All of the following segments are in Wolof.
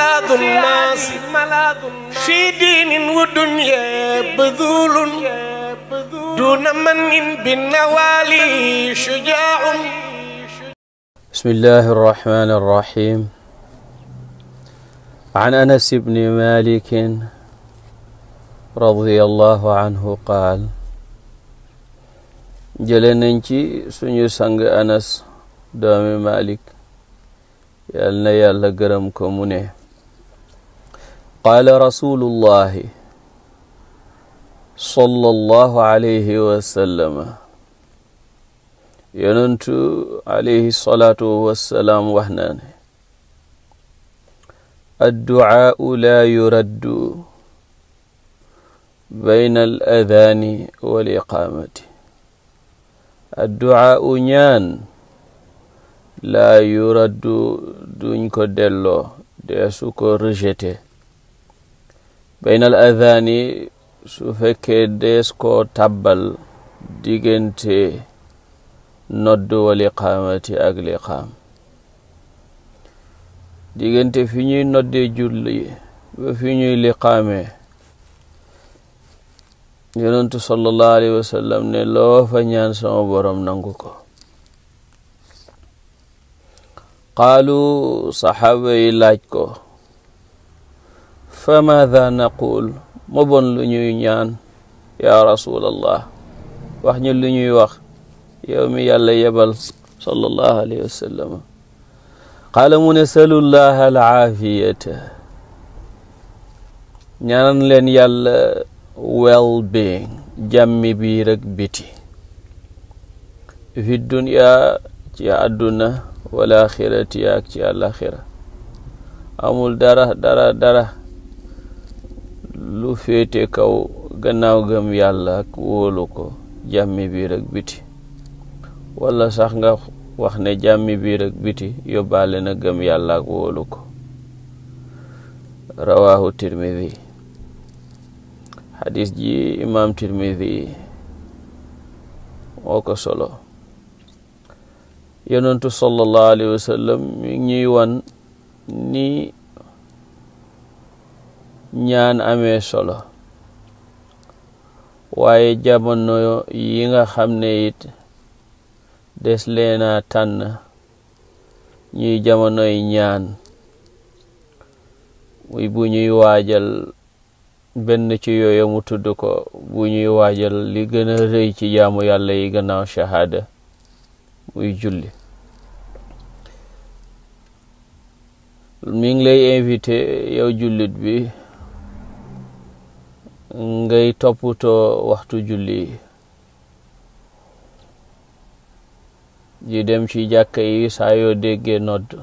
ملاذ الناس في دين ودنيا بذول دون من بالنوالي شجاع بسم الله الرحمن الرحيم عن انس بن مالك رضي الله عنه قال jële nañ ci suñu sang anas doomi malik yal na yàlla gërëm ko mu ne qaala rasulullahi sallallahu alayhi wa sallam yonentu alayhi salaatu wassalaam wax na ne adducaau laa yuraddu bayna al adaani wal iqaamati adducaau ñaan laa yuraddu duñ ko delloo deesu ko rejeté baynal adhaani su fekkee dees koo tàbbal diggante nodd wal ak liqaam diggante fi ñuy noddee julli ba fi ñuy liqaamee yonentu sallallahu alayhi wa sallam ne loo ñaan sama borom nangu ko qaalu saxaaba yi laaj ko fa maada naqul mu lu ñuy ñaan yaa rasulallah wax ñu lu ñuy wax yow mi yàlla sallallahu alayhi wa sallam mu ne salullaha alaafiyata ñaanan leen yàlla well being jàmmi biir ak biti fi dunya ci àdduna wal axirati ak amul dara dara dara lu féete kaw gannaaw gëm yàlla ak wóolu ko jàmmi biir biti wala sax nga wax ne jàmmi biir ak biti yóbbaale na gëm yàlla ak wóolu ko rawaahu tirmidi xadis ji imaam tirmidi moo ko solo yonentu sallallahu alayhi wa sallam ñuy wan ni ñaan amee solo waaye jamono yi nga xam ne it des leena tànn ñuy yi ñaan bu ñuy waajal benn ci yooyu mu tudd ko bu ñuy waajal li gën a ci jaamu yàlla yi gannaaw shahaada muy julli mi ngi lay invité jullit bi ngay toppatoo waxtu julli di dem ci jàkka yi saa yoo déggee nodd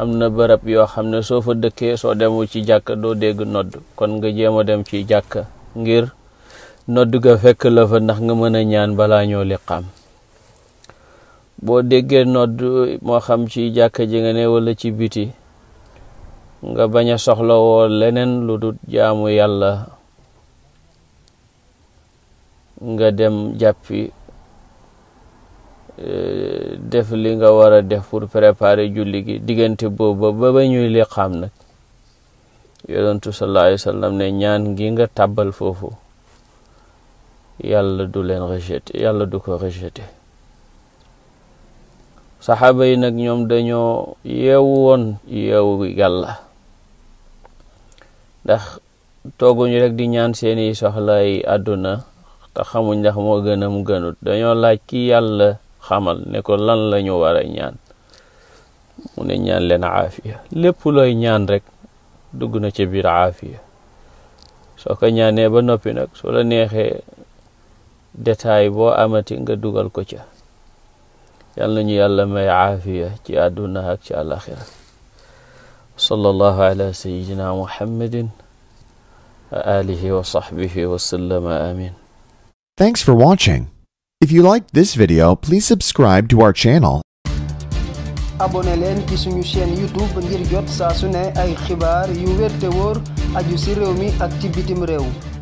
am na barab yoo xam ne soo fa dëkkee soo demul ci jàkka doo dégg noddu kon nga jéem a dem ci jàkka ngir nodd ga fekk la fa ndax nga mën a ñaan balaa ñoo liqaam boo déggee nodd moo xam ci jàkka ji nga ne wala ci biti nga bañ a soxlawoo leneen lu dul jaamu yàlla nga dem jàppi eh, def li nga war a def pour préparer julli gi diggante boobu ba ba ñuy liqaam nag yonentu sallallahu alayhi wa ne ñaan gi nga tàbbal foofu yàlla du leen rejeté yàlla du ko rejeté saxaaba yi nag ñoom dañoo yeewu woon yeewu yàlla ndax tooguñu rek di ñaan seeni soxlay àdduna te xamuñ ndax moo gën a mu gënut dañoo laaj ki yàlla xamal ne ko lan la ñu war a ñaan mu ñaan leen aafiya lépp looy ñaan rek dugg na ci biir aafiya soo ko ñaanee ba noppi nag soo la neexee détail boo amati nga dugal ko ca yàlla nañu yàlla may aafiya ci àdduna ak ci àlaxira sallallahu ala sayyidina muhammadin alihi wa wa sallama amin. Thanks for watching. If you liked subscribe to our channel. abonné leen ci suñu chaîne YouTube ngir jot su ne ay xibaar yu wér te wóor aju ci mi ak ci bitim réew.